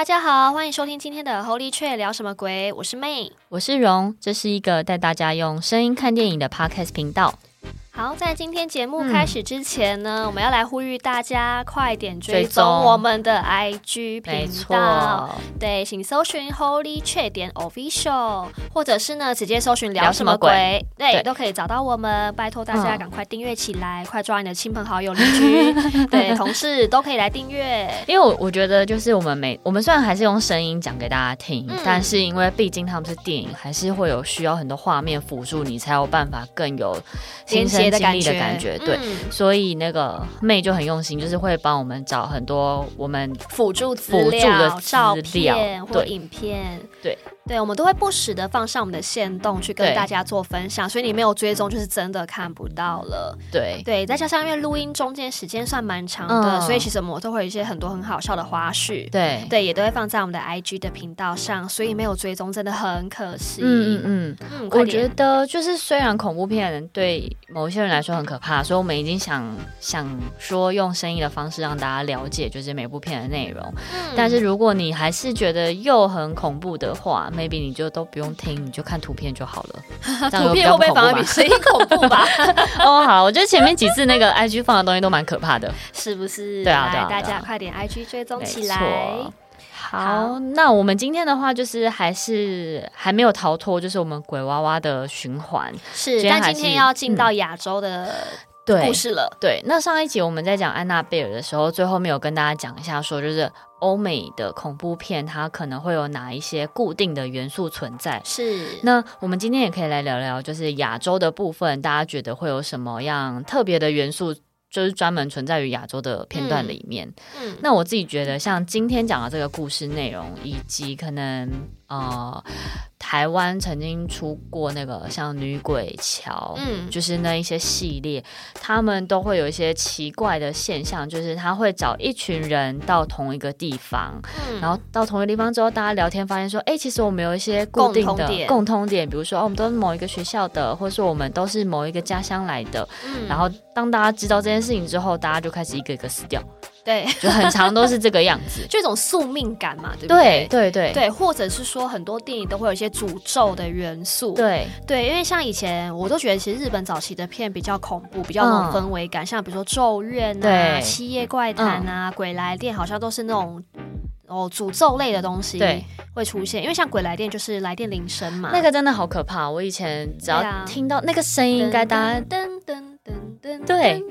大家好，歡迎收聽今天的《Holy Chat 聊什麼鬼》，我是 May，我是榮，這是一個帶大家用聲音看電影的 Podcast 頻道。好，在今天節目開始之前呢，我們要來呼籲大家快點追蹤我們的 IG 頻道。對，請搜尋 holychat 點 official，或者是呢直接搜尋聊什麼鬼，對，都可以找到我們。拜託大家趕快訂閱起來，快抓你的親朋好友、鄰居、對同事都可以來訂閱。因為我我覺得就是我們每我們雖然還是用聲音講給大家聽，但是因為畢竟他們是電影，還是會有需要很多畫面輔助，你才有辦法更有新鮮裡的感覺，嗯、對，所以那個妹就很用心，就是會幫我們找很多我們輔助輔助的資料片對或影片，對。對，我們都會不時的放上我們的限動去跟大家做分享，對所以你沒有追蹤就是真的看不到了。對對，再加上因為錄音中間時間算蠻長的，嗯、所以其實我們都會有一些很多很好笑的花絮。對對，也都會放在我們的 IG 的頻道上，所以沒有追蹤真的很可惜。嗯嗯嗯，嗯，我覺得就是雖然恐怖片對某一些人來說很可怕，所以我們已經想想說用聲音的方式讓大家了解就是每部片的內容，嗯、但是如果你還是覺得又很恐怖的話。maybe 你就都不用聽，你就看圖片就好了。圖片會不會反而比聲音恐怖吧？ 哦，好，我覺得前面幾次那個 IG 放的東西都蠻可怕的，是不是，對啊？對啊，對啊，對啊。大家快點 IG 追蹤起來。好，那我們今天的話就是還是還沒有逃脫，就是我們鬼娃娃的循環。是，今天還是，但今天要進到亞洲的故事了。嗯，對。對，那上一集我們在講安娜貝爾的時候，最後沒有跟大家講一下，說就是。歐美的恐怖片，它可能會有哪一些固定的元素存在？是。那我們今天也可以來聊聊，就是亞洲的部分，大家覺得會有什麼樣特別的元素，就是專門存在於亞洲的片段裡面？嗯。嗯，那我自己覺得，像今天講的這個故事內容，以及可能。呃，台灣曾經出過那個像《女鬼橋》，嗯，就是那一些系列，他們都會有一些奇怪的現象，就是他會找一群人到同一個地方，嗯，然後到同一個地方之後，大家聊天發現說，哎、欸，其實我們有一些固定的共同點，共通點，通點，比如說哦、啊，我們都是某一個學校的，或者說我們都是某一個家鄉來的，嗯，然後當大家知道這件事情之後，大家就開始一個一個死掉。對，很常都是這個樣子， 就一種宿命感嘛，對不對？對對對，對，或者是說很多電影都會有一些詛咒的元素，對對，因為像以前我都覺得其實日本早期的片比較恐怖，比較有那種氛圍感，嗯、像比如說《咒怨》啊，《對 七夜怪談》啊，《嗯、鬼來電》好像都是那種哦詛咒類的東西，對會出現，對 因為像《鬼來電》就是來電鈴聲嘛，那個真的好可怕，我以前只要聽到那個聲音應，該打噔噔噔噔，對。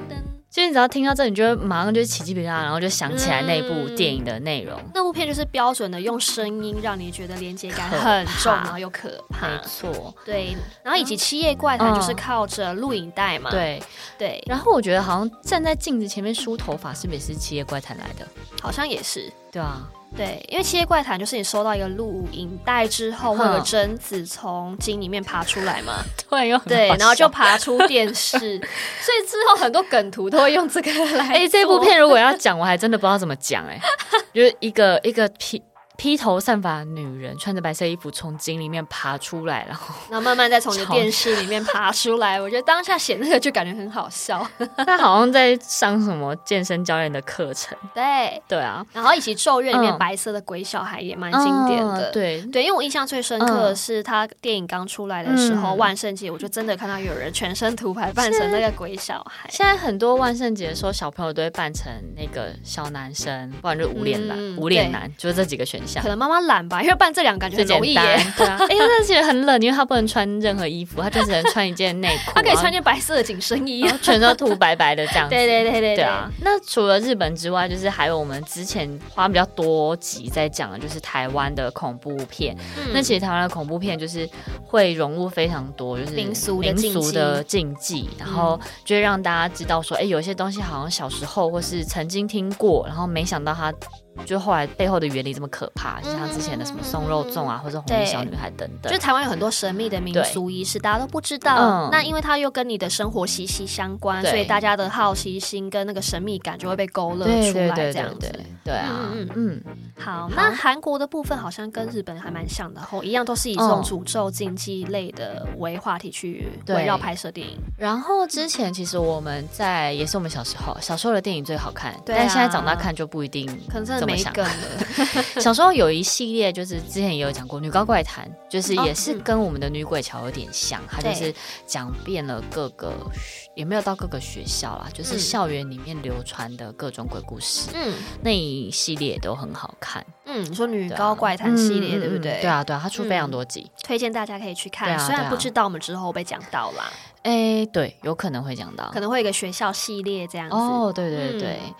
所以你只要聽到這，你就會馬上就起雞皮疙瘩，然後就想起來那部電影的內容，嗯。那部片就是標準的用聲音讓你覺得連接感很重，怕然後又可怕。沒錯，對。然後以及《七夜怪談》就是靠着錄影帶嘛。對、嗯嗯、對。對然後我覺得好像站在鏡子前面梳頭髮是不也是《七夜怪談》來的，好像也是。對啊。對，因為《七夜怪談》就是你收到一個錄影帶之後，會有貞子從井裡面爬出來嘛。嗯、 突然對，然後就爬出電視， 所以之後很多梗圖都會用這個來。哎、欸，這部片如果要講，我還真的不知道怎麼講哎、欸， 就是一個一個品。披頭散髮的女人穿着白色衣服從井裡面爬出來，然後，然後慢慢再從你的電視裡面爬出來。超我覺得當下寫那個就感覺很好笑。他好像在上什麼健身教練的課程。對對啊，然後以及咒怨裡面白色的鬼小孩也蠻經典的。嗯嗯、對對，因為我印象最深刻的是他電影剛出來的時候，嗯、萬聖節我就真的看到有人全身塗白扮成那個鬼小孩。現在很多萬聖節的時候，小朋友都會扮成那個小男生，不然就無臉男、嗯、無臉男對就是這幾個選項。可能媽媽懶吧，因為辦這兩個感覺很容易耶，最簡單。欸、對啊，因哎、欸，那其實很冷，因為她不能穿任何衣服，她 就只能穿一件內褲。她 可以穿件白色的緊身衣，然後全身都塗白白的這樣子。 對對對對對，對，對啊！那除了日本之外，就是還有我們之前花比較多集在講的，就是台灣的恐怖片。嗯，那其實台灣的恐怖片就是會融入非常多，就是民俗的禁忌，嗯、然後就會讓大家知道說，哎、欸，有些東西好像小時候或是曾經聽過，然後沒想到它。就後來背後的原理這麼可怕，像之前的什麼送肉粽啊，或者紅衣小女孩等等，就是台灣有很多神秘的民俗儀式，對大家都不知道。嗯、那因為它又跟你的生活息息相關，對所以大家的好奇心跟那個神秘感就會被勾勒出來，這樣子。對，對，對，對，對，對啊，嗯，嗯嗯，好。好，那韓國的部分好像跟日本還蠻像的，吼一樣都是以這種詛咒禁忌類的為話題去圍繞拍攝電影。然後之前其實我們在，也是我們小時候，小時候的電影最好看，對啊，但現在長大看就不一定，可能每個小時候有一系列，就是之前也有講過《女高怪談》，就是也是跟我們的《女鬼橋》有點像，它就是講遍了各個學，也沒有到各個學校啦，就是校園裡面流傳的各種鬼故事，嗯，那一系列都很好看。嗯，你說《女高怪談》系列對不對？對啊，對啊，它出非常多集，推薦大家可以去看。雖然不知道我們之後被講到啦，哎、欸，對，有可能會講到，可能會有一個學校系列這樣子。哦，對對對、對。嗯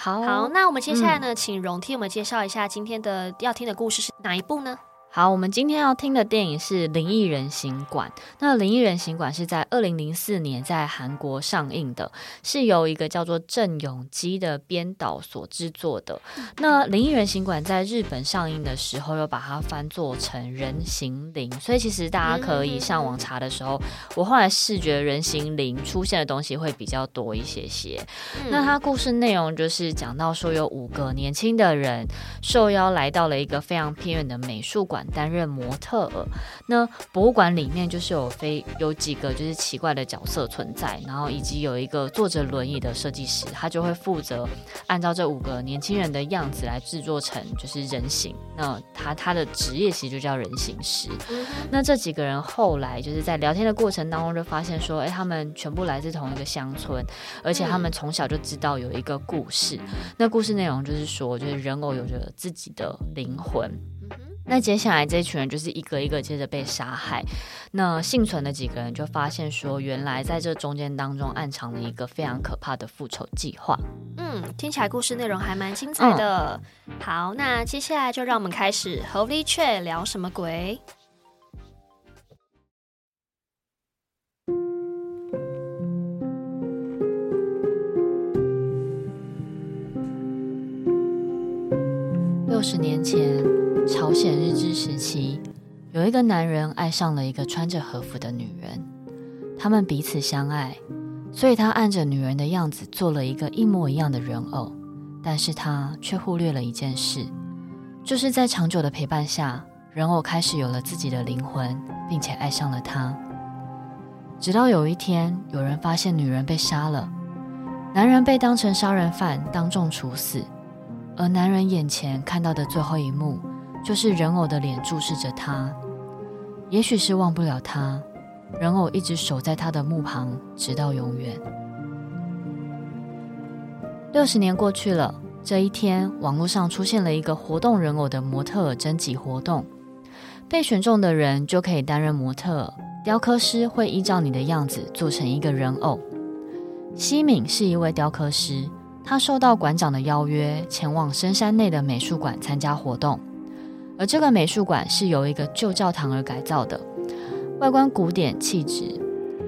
好，好，那我們接下來呢，請榮替我們介紹一下今天的要聽的故事是哪一部呢？嗯好，我們今天要聽的電影是《靈異人形館》。那《靈異人形館》是在二零零四年在韓國上映的，是由一個叫做鄭勇基的編導所製作的。那《靈異人形館》在日本上映的時候，又把它翻作成《人形靈》，所以其實大家可以上網查的時候，我後來視覺《人形靈》出現的東西會比較多一些些。那它故事內容就是講到說，有五個年輕的人受邀來到了一個非常偏遠的美術館。擔任模特兒，那博物館裡面就是有非有幾個就是奇怪的角色存在，然後以及有一個坐着輪椅的設計師，他就會負責按照這五個年輕人的樣子來制作成就是人形。那他他的職業其實就叫人形師。那這幾個人後來就是在聊天的過程當中就發現說，哎、欸，他們全部來自同一個鄉村，而且他們從小就知道有一個故事。那故事內容就是說，就是人偶有着自己的靈魂。那接下來這一群人就是一個一個接着被殺害，那幸存的幾個人就發現說，原來在這中間當中暗藏了一個非常可怕的復仇計劃。嗯，聽起來故事內容還蠻精彩的。嗯、好，那接下來就讓我們開始 Holy Chat 聊什麼鬼？六十年前。朝鮮日治時期，有一個男人愛上了一個穿着和服的女人，他們彼此相愛，所以他按着女人的樣子做了一個一模一樣的人偶，但是他卻忽略了一件事，就是在長久的陪伴下，人偶開始有了自己的靈魂，並且愛上了他。直到有一天，有人發現女人被殺了，男人被當成殺人犯當眾處死，而男人眼前看到的最後一幕。就是人偶的臉注視着他，也許是忘不了他。人偶一直守在他的墓旁，直到永遠。六十年過去了，這一天，網絡上出現了一個活動人偶的模特徵集活動，被選中的人就可以擔任模特。雕刻師會依照你的樣子做成一個人偶。西敏是一位雕刻師，他受到館長的邀約，前往深山內的美術館參加活動。而這個美術館是由一個舊教堂而改造的，外觀古典氣質。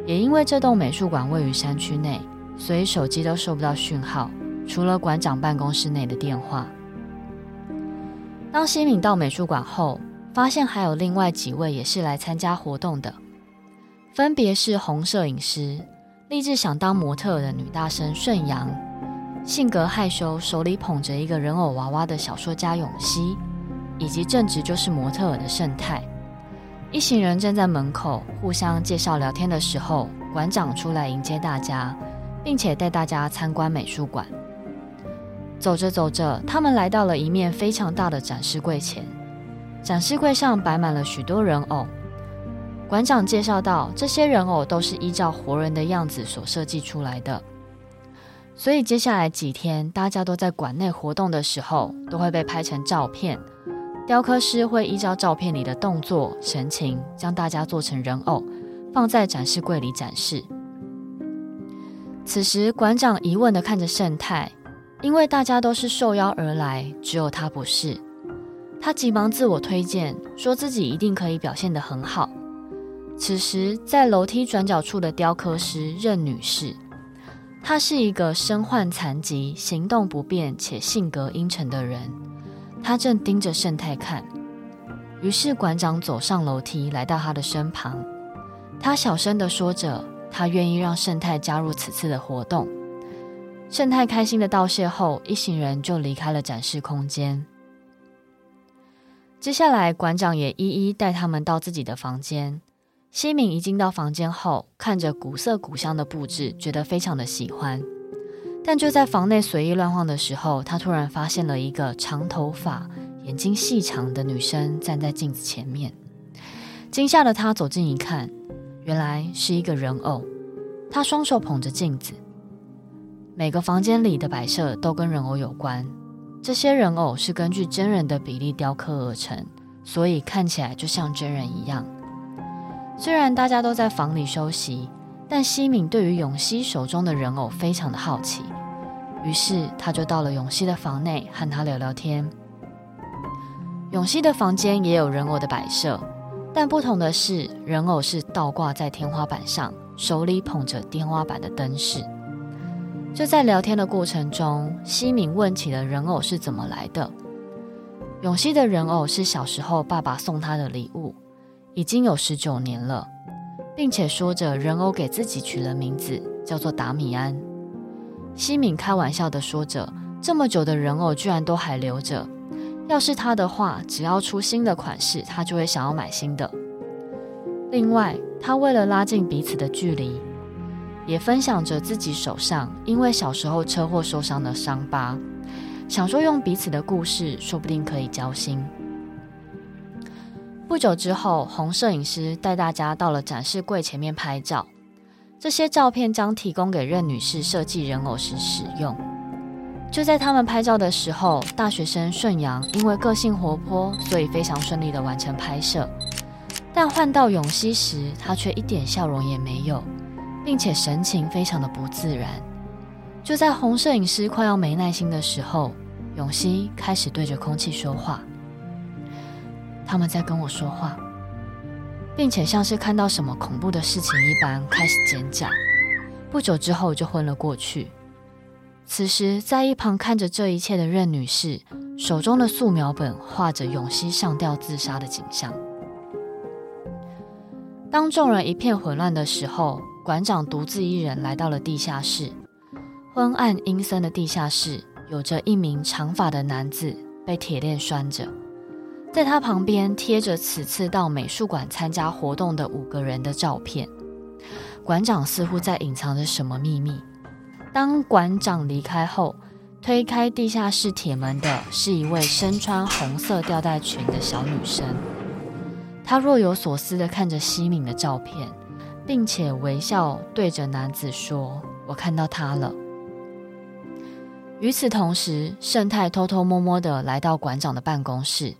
也因為這棟美術館位於山區內，所以手機都收不到訊號，除了館長辦公室內的電話。當西敏到美術館後，發現還有另外幾位也是來參加活動的，分別是紅攝影師、立志想當模特的女大生順陽、性格害羞、手裡捧着一個人偶娃娃的小說家永熙。以及正直就是模特兒的盛泰，一行人站在門口互相介紹、聊天的時候，館長出來迎接大家，並且帶大家參觀美術館。走着走着，他們來到了一面非常大的展示櫃前，展示櫃上擺滿了許多人偶。館長介紹道：「這些人偶都是依照活人的樣子所設計出來的，所以接下來幾天大家都在館內活動的時候，都會被拍成照片。”雕刻師會依照照片裡的動作神情，將大家做成人偶，放在展示櫃裡展示。此時，館長疑問地看着盛泰，因為大家都是受邀而來，只有他不是。他急忙自我推薦，說自己一定可以表現得很好。此時，在樓梯轉角處的雕刻師任女士，她是一個身患殘疾、行動不便且性格陰沉的人。他正盯着盛泰看，於是館長走上樓梯，來到他的身旁。他小聲地說着：“他願意讓盛泰加入此次的活動。”盛泰開心的道謝後，一行人就離開了展示空間。接下來，館長也一一帶他們到自己的房間。西敏一進到房間後，看着古色古香的布置，覺得非常的喜歡。但就在房內隨意亂晃的時候，他突然發現了一個長頭髮、眼睛細長的女生站在鏡子前面。驚嚇的他走近一看，原來是一個人偶。他雙手捧着鏡子，每個房間裡的擺設都跟人偶有關。這些人偶是根據真人的比例雕刻而成，所以看起來就像真人一樣。雖然大家都在房裡休息，但西敏對於永熙手中的人偶非常的好奇，於是他就到了永熙的房內和他聊聊天。永熙的房間也有人偶的擺設，但不同的是，人偶是倒掛在天花板上，手裡捧着天花板的燈飾。就在聊天的過程中，西敏問起了人偶是怎麼來的。永熙的人偶是小時候爸爸送他的禮物，已經有十九年了。並且說着，人偶給自己取了名字，叫做達米安。西敏開玩笑地說着：“這麼久的人偶居然都還留着，要是他的話，只要出新的款式，他就會想要買新的。”另外，他為了拉近彼此的距離，也分享着自己手上因為小時候車禍受傷的傷疤，想說用彼此的故事，說不定可以交心。不久之後，紅攝影師帶大家到了展示櫃前面拍照。這些照片將提供給任女士設計人偶時使用。就在他們拍照的時候，大學生順陽因為個性活潑，所以非常順利的完成拍攝。但換到永熙時，他卻一點笑容也沒有，並且神情非常的不自然。就在紅攝影師快要沒耐心的時候，永熙開始對着空氣說話。他們在跟我說話，並且像是看到什麼恐怖的事情一般開始尖叫，不久之後就昏了過去。此時，在一旁看着這一切的任女士，手中的素描本畫着永熙上吊自殺的景象。當眾人一片混亂的時候，館長獨自一人來到了地下室。昏暗陰森的地下室，有着一名長髮的男子被鐵鏈拴着。在他旁邊貼着此次到美術館參加活動的五個人的照片，館長似乎在隱藏着什麼秘密。當館長離開後，推開地下室鐵門的是一位身穿紅色吊帶裙的小女生，她若有所思的看着西敏的照片，並且微笑對着男子說：“我看到他了。”與此同時，盛泰偷偷摸摸的來到館長的辦公室。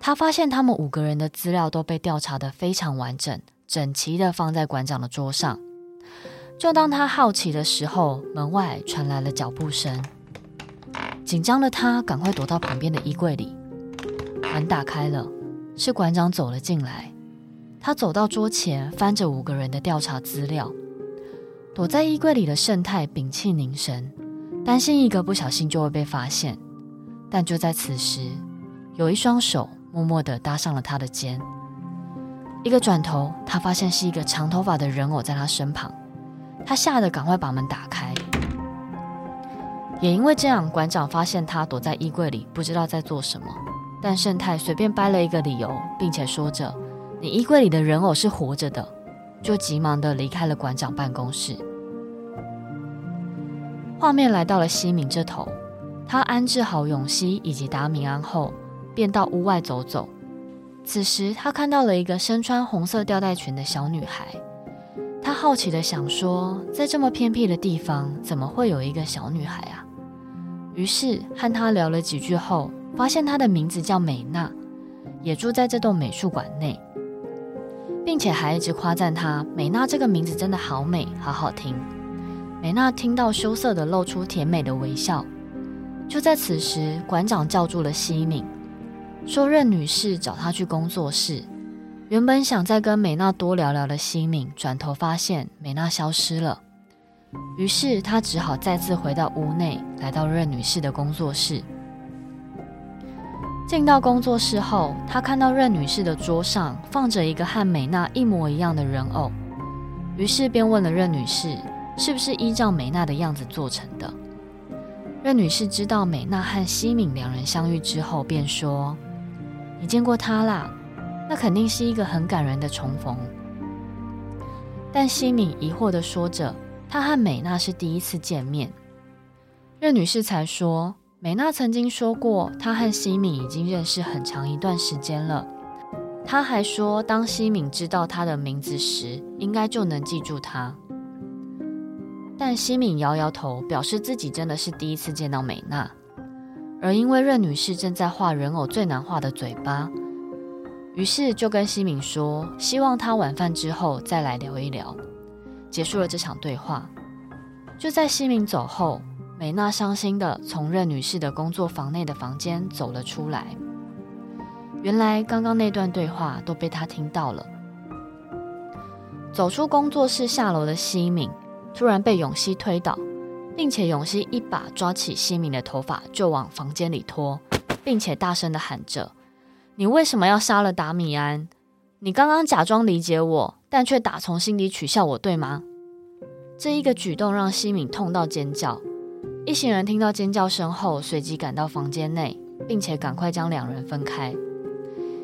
他發現他們五個人的資料都被調查得非常完整、整齊地放在館長的桌上。就當他好奇的時候，門外傳來了腳步聲。緊張的他趕快躲到旁邊的衣櫃裡。門打開了，是館長走了進來。他走到桌前，翻着五個人的調查資料。躲在衣櫃裡的盛泰屏氣凝神，擔心一個不小心就會被發現。但就在此時，有一雙手。默默地搭上了他的肩。一個轉頭，他發現是一個長頭髮的人偶在他身旁，他嚇得趕快把門打開。也因為這樣，館長發現他躲在衣櫃裡，不知道在做什麼。但盛泰隨便掰了一個理由，並且說着：“你衣櫃裡的人偶是活着的。”就急忙的離開了館長辦公室。畫面來到了西明這頭，他安置好永熙以及達明安後，便到屋外走走。此時，他看到了一個身穿紅色吊帶裙的小女孩。他好奇地想說，在這麼偏僻的地方，怎麼會有一個小女孩啊？於是，和她聊了幾句後，發現她的名字叫美娜，也住在這棟美術館內，並且還一直誇讚她：“美娜這個名字真的好美，好好聽。”美娜聽到，羞澀地露出甜美的微笑。就在此時，館長叫住了西敏。說任女士找她去工作室，原本想再跟美娜多聊聊的西敏，轉頭發現美娜消失了，於是他只好再次回到屋內，來到任女士的工作室。進到工作室後，他看到任女士的桌上放着一個和美娜一模一樣的人偶，於是便問了任女士：“是不是依照美娜的樣子做成的？”任女士知道美娜和西敏兩人相遇之後，便說。你見過他啦，那肯定是一個很感人的重逢。但西敏疑惑地說着，他和美娜是第一次見面。任女士才說，美娜曾經說過，她和西敏已經認識很長一段時間了。她還說，當西敏知道她的名字時，應該就能記住她。但西敏搖搖頭，表示自己真的是第一次見到美娜。而因為任女士正在畫人偶最難畫的嘴巴，於是就跟西敏說，希望她晚飯之後再來聊一聊，結束了這場對話。就在西敏走後，美娜傷心的從任女士的工作房內的房間走了出來。原來剛剛那段對話都被她聽到了。走出工作室下樓的西敏，突然被永熙推倒。並且永熙一把抓起西敏的頭髮就往房間裡拖，並且大聲的喊着：“你為什麼要殺了達米安？你剛剛假裝理解我，但卻打從心底取笑我，對嗎？”這一個舉動讓西敏痛到尖叫。一行人聽到尖叫聲後，隨即趕到房間內，並且趕快將兩人分開。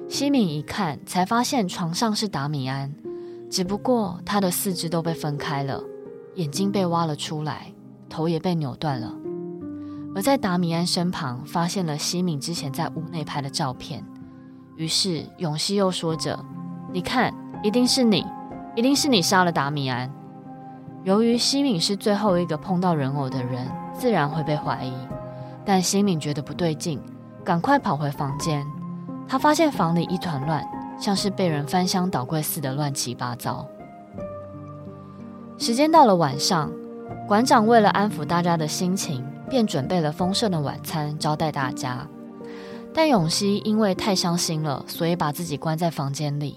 西敏一看，才發現床上是達米安，只不過他的四肢都被分開了，眼睛被挖了出來。頭也被扭斷了，而在達米安身旁發現了西敏之前在屋內拍的照片。於是永熙又說着：“你看，一定是你，一定是你殺了達米安。”由於西敏是最後一個碰到人偶的人，自然會被懷疑。但西敏覺得不對勁，趕快跑回房間。他發現房裡一團亂，像是被人翻箱倒櫃似的亂七八糟。時間到了晚上。館長為了安撫大家的心情，便準備了豐盛的晚餐招待大家。但永熙因為太傷心了，所以把自己關在房間裡。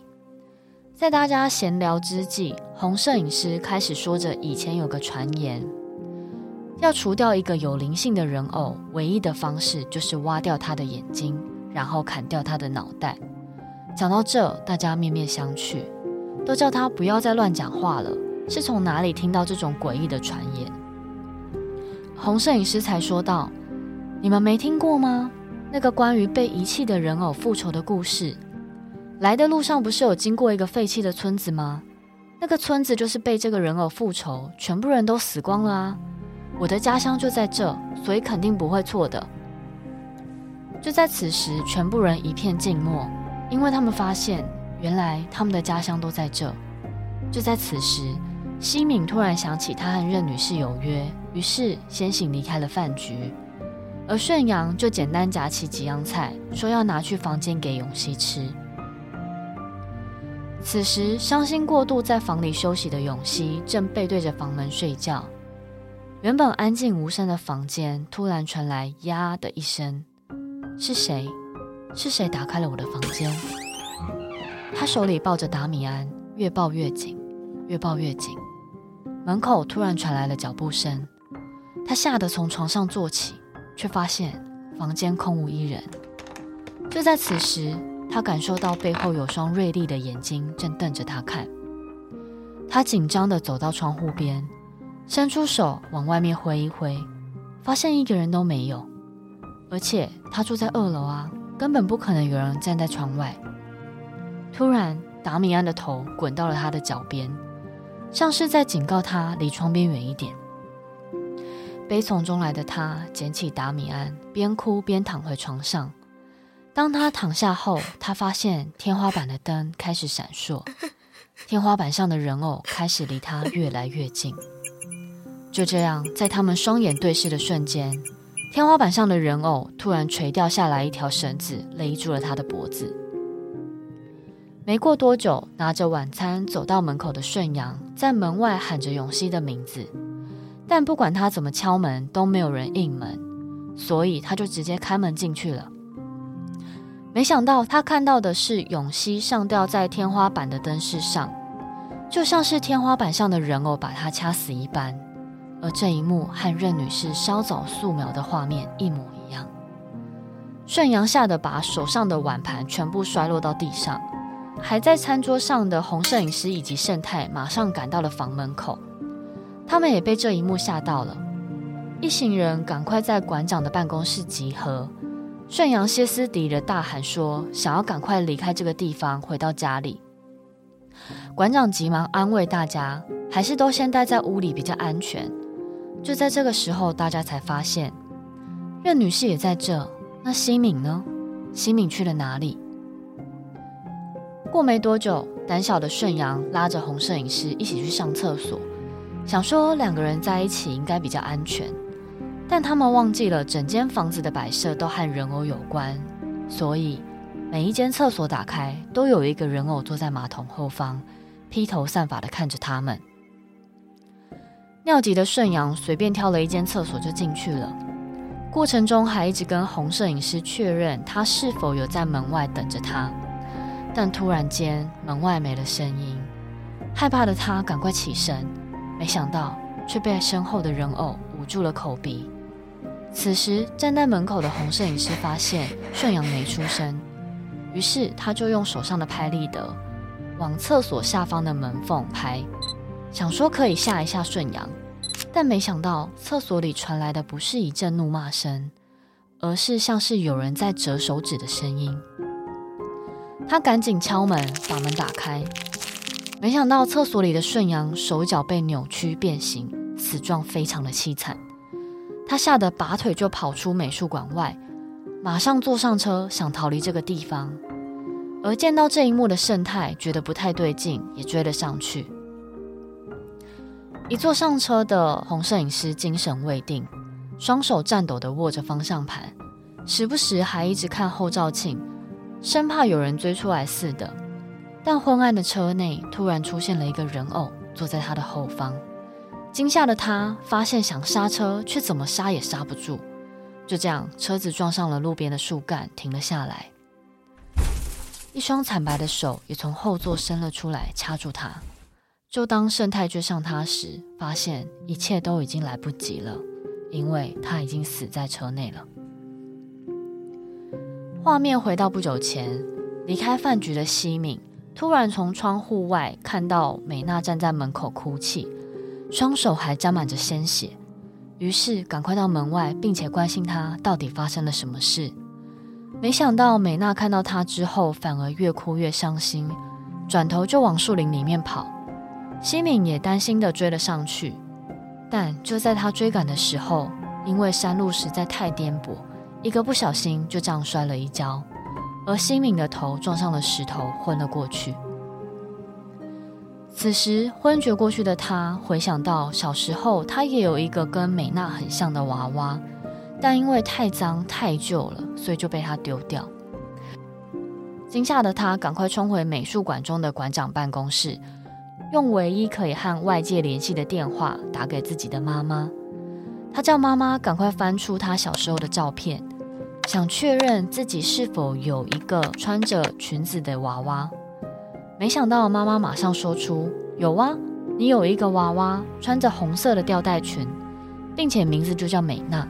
在大家閒聊之際，紅攝影師開始說着以前有個傳言，要除掉一個有靈性的人偶，唯一的方式就是挖掉他的眼睛，然後砍掉他的腦袋。講到這，大家面面相覷，都叫他不要再亂講話了。是從哪裡聽到這種詭異的傳言？紅攝影師才說道：“你們沒聽過嗎？那個關於被遺棄的人偶復仇的故事。來的路上不是有經過一個廢棄的村子嗎？那個村子就是被這個人偶復仇，全部人都死光了啊！我的家鄉就在這，所以肯定不會錯的。”就在此時，全部人一片靜默，因為他們發現，原來他們的家鄉都在這。就在此時。西敏突然想起他和任女士有約，於是先行離開了飯局。而順陽就簡單夾起幾樣菜，說要拿去房間給永熙吃。此時，傷心過度在房裡休息的永熙正背對着房門睡覺。原本安靜無聲的房間突然傳來呀的一聲，是誰？是誰打開了我的房間？嗯、他手裡抱着達米安，越抱越緊，越抱越緊。門口突然傳來了腳步聲，他嚇得從床上坐起，卻發現房間空無一人。就在此時，他感受到背後有雙銳利的眼睛正瞪着他看。他緊張地走到窗戶邊，伸出手往外面揮一揮，發現一個人都沒有。而且他住在二樓啊，根本不可能有人站在窗外。突然，達米安的頭滾到了他的腳邊。像是在警告他離窗邊遠一點。悲從中來的他撿起達米安，邊哭邊躺回床上。當他躺下後，他發現天花板的燈開始閃爍，天花板上的人偶開始離他越來越近。就這樣，在他們雙眼對視的瞬間，天花板上的人偶突然垂掉下來一條繩子，勒住了他的脖子。沒過多久，拿着晚餐走到門口的順陽，在門外喊着永熙的名字，但不管他怎麼敲門，都沒有人應門，所以他就直接開門進去了。沒想到他看到的是永熙上吊在天花板的燈飾上，就像是天花板上的人偶把他掐死一般，而這一幕和任女士稍早素描的畫面一模一樣。順陽嚇得把手上的碗盤全部摔落到地上。還在餐桌上的紅攝影師以及聖泰馬上趕到了房門口，他們也被這一幕嚇到了。一行人趕快在館長的辦公室集合，順陽歇斯底里的大喊說：“想要趕快離開這個地方，回到家裡。”館長急忙安慰大家：“還是都先待在，在屋裡比較安全。”就在這個時候，大家才發現任女士也在這。那新敏呢？新敏去了哪裡？過沒多久，膽小的順陽拉着紅攝影師一起去上廁所，想說兩個人在一起應該比較安全，但他們忘記了整間房子的擺設都和人偶有關，所以每一間廁所打開都有一個人偶坐在馬桶後方，披頭散髮地看着他們。尿急的順陽隨便挑了一間廁所就進去了，過程中還一直跟紅攝影師確認他是否有在門外等着他。但突然間，門外沒了聲音，害怕的他趕快起身，沒想到卻被身後的人偶捂住了口鼻。此時，站在門口的紅攝影師發現順陽沒出聲，於是他就用手上的拍立得往廁所下方的門縫拍，想說可以嚇一下順陽，但沒想到廁所裡傳來的不是一陣怒罵聲，而是像是有人在折手指的聲音。他趕緊敲門，把門打開，沒想到廁所裡的順陽手腳被扭曲變形，死狀非常的淒慘。他嚇得拔腿就跑出美術館外，馬上坐上車想逃離這個地方。而見到這一幕的勝泰覺得不太對勁，也追了上去。一坐上車的紅攝影師精神未定，雙手顫抖的握着方向盤，時不時還一直看後照鏡生怕有人追出來似的，但昏暗的車內突然出現了一個人偶，坐在他的後方。驚嚇的他發現想剎車，卻怎麼剎也剎不住。就這樣，車子撞上了路邊的樹幹，停了下來。一雙慘白的手也從後座伸了出來，掐住他。就當聖泰追上他時，發現一切都已經來不及了，因為他已經死在車內了。畫面回到不久前，離開飯局的西敏突然從窗戶外看到美娜站在門口哭泣，雙手還沾滿着鮮血，於是趕快到門外，並且關心她到底發生了什麼事。沒想到美娜看到她之後，反而越哭越傷心，轉頭就往樹林裡面跑。西敏也擔心地追了上去，但就在她追趕的時候，因為山路實在太顛簸。一個不小心就這樣摔了一跤，而新敏的頭撞上了石頭，昏了過去。此時昏厥過去的他回想到小時候，他也有一個跟美娜很像的娃娃，但因為太髒太舊了，所以就被他丟掉。驚嚇的他趕快衝回美術館中的館長辦公室，用唯一可以和外界聯繫的電話打給自己的媽媽。他叫媽媽趕快翻出他小時候的照片，想確認自己是否有一個穿着裙子的娃娃，沒想到媽媽馬上說出：“有啊，你有一個娃娃穿着紅色的吊帶裙，並且名字就叫美娜。”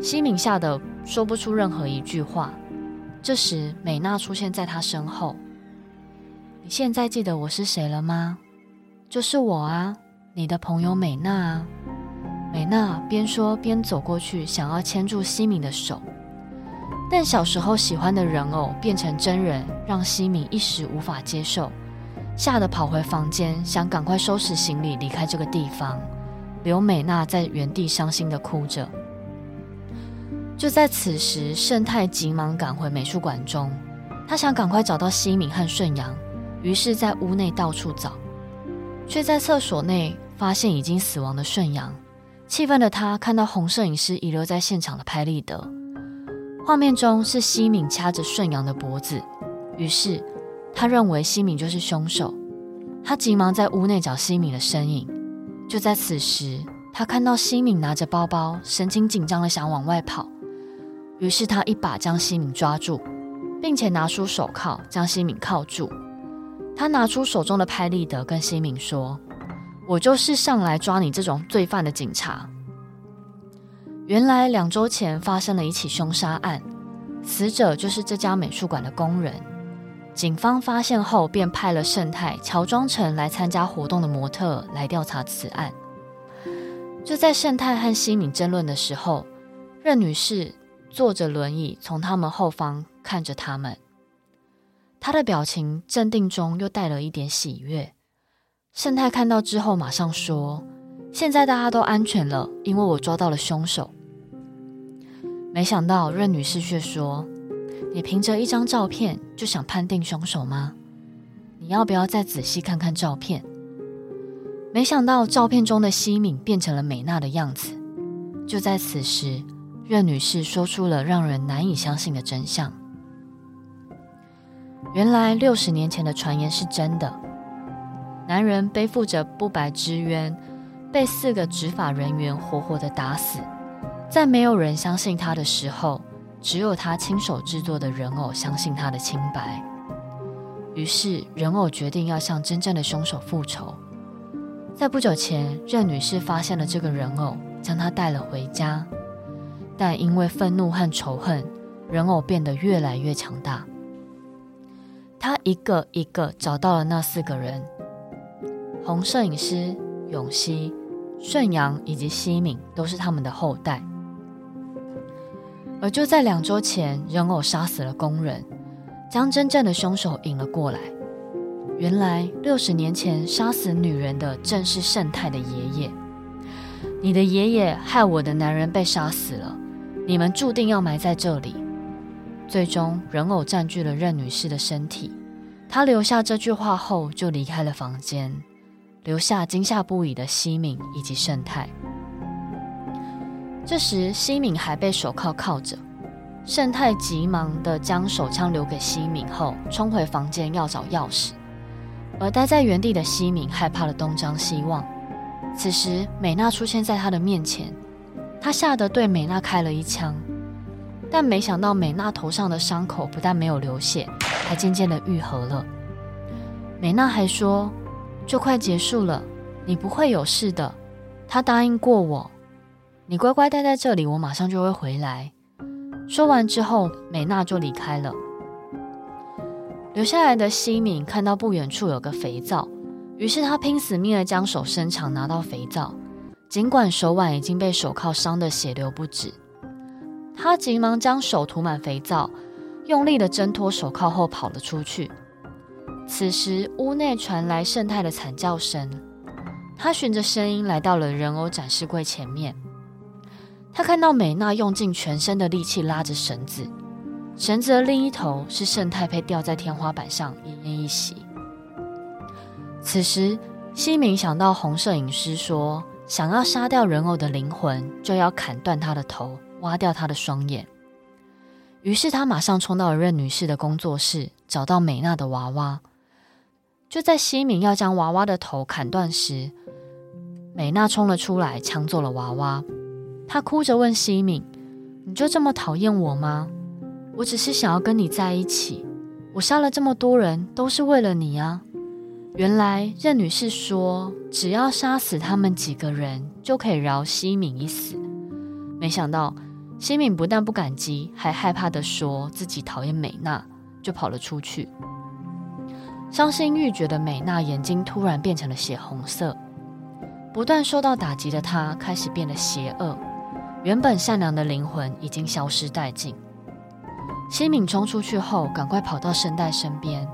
西敏嚇得說不出任何一句話。這時，美娜出現在他身後：“你現在記得我是誰了嗎？就是我啊，你的朋友美娜啊。”美娜邊說邊走過去，想要牽住西敏的手，但小時候喜歡的人偶變成真人，讓西敏一時無法接受，嚇得跑回房間，想趕快收拾行李離開這個地方。留美娜在原地傷心地哭着。就在此時，盛泰急忙趕回美術館中，他想趕快找到西敏和順陽，於是，在屋內到處找，卻在廁所內發現已經死亡的順陽。氣憤的他看到紅攝影師遺留在現場的拍立得，畫面中是西敏掐着順陽的脖子，於是他認為西敏就是兇手。他急忙在屋內找西敏的身影，就在此時，他看到西敏拿着包包，神情緊張的想往外跑，於是他一把將西敏抓住，並且拿出手銬將西敏銬住。他拿出手中的拍立得跟西敏說。我就是上來抓你這種罪犯的警察。原來兩周前發生了一起凶殺案，死者就是這家美術館的工人。警方發現後，便派了盛泰喬裝成來參加活動的模特來調查此案。就在盛泰和西敏爭論的時候，任女士坐着輪椅從他們後方看着他們，她的表情鎮定中又帶了一點喜悅。盛太看到之後，馬上說：“現在大家都安全了，因為我抓到了凶手。”沒想到任女士卻說：“你憑着一張照片就想判定凶手嗎？你要不要再仔細看看照片？”沒想到照片中的西敏變成了美娜的樣子。就在此時，任女士說出了讓人難以相信的真相：原來六十年前的傳言是真的。男人背負着不白之冤，被四個執法人員活活的打死。在沒有人相信他的時候，只有他親手制作的人偶相信他的清白。於是，人偶決定要向真正的兇手復仇。在不久前，任女士發現了這個人偶，將他帶了回家。但因為憤怒和仇恨，人偶變得越來越強大。他一個一個找到了那四個人。紅攝影師永熙、順陽以及西敏都是他們的後代。而就在兩周前，人偶殺死了工人，將真正的凶手引了過來。原來，六十年前殺死女人的正是盛泰的爺爺。你的爺爺害我的男人被殺死了，你們注定要埋在這裡。最終，人偶占據了任女士的身體。她留下這句話後，就離開了房間。留下驚嚇不已的西敏以及盛泰。這時，西敏還被手銬銬着，盛泰急忙地將手槍留給西敏後，衝回房間要找鑰匙。而待在原地的西敏害怕地東張西望。此時，美娜出現在他的面前，他嚇得對美娜開了一槍，但沒想到美娜頭上的傷口不但沒有流血，還漸漸地癒合了。美娜還說。就快結束了，你不會有事的。他答應過我，你乖乖待在這裡，我馬上就會回來。說完之後，美娜就離開了。留下來的西敏看到不遠處有個肥皂，於是他拼死命的將手伸長，拿到肥皂。儘管手腕已經被手銬傷得血流不止，他急忙將手塗滿肥皂，用力的掙脫手銬後跑了出去。此時，屋內傳來聖泰的慘叫聲。他循着聲音來到了人偶展示櫃前面。他看到美娜用盡全身的力氣拉着繩子，繩子的另一頭是聖泰被吊在天花板上奄奄一息。此時，西明想到紅攝影師說，想要殺掉人偶的靈魂，就要砍斷他的頭，挖掉他的雙眼。於是他馬上衝到了任女士的工作室。找到美娜的娃娃，就在西敏要將娃娃的頭砍斷時，美娜衝了出來，搶走了娃娃。她哭着問西敏：“你就這麼討厭我嗎？我只是想要跟你在一起。我殺了這麼多人，都是為了你啊！”原來任女士說，只要殺死他們幾個人，就可以饒西敏一死。沒想到西敏不但不感激，還害怕地說自己討厭美娜。就跑了出去。傷心欲絕的美娜眼睛突然變成了血紅色，不斷受到打擊的她開始變得邪惡，原本善良的靈魂已經消失殆盡。西敏衝出去後，趕快跑到盛泰身邊，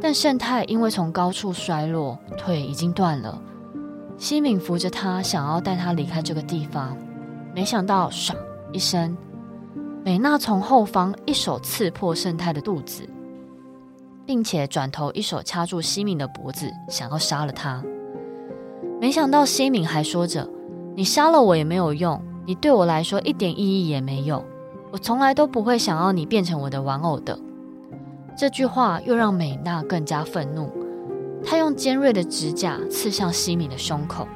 但盛泰因為從高處摔落，腿已經斷了。西敏扶着他，想要帶他離開這個地方，沒想到唰一聲，美娜從後方一手刺破盛泰的肚子。並且轉頭，一手掐住西敏的脖子，想要殺了他。沒想到西敏還說着：“你殺了我也沒有用，你對我來說一點意義也沒有，我從來都不會想要你變成我的玩偶的。”這句話又讓美娜更加憤怒，她用尖銳的指甲刺向西敏的胸口。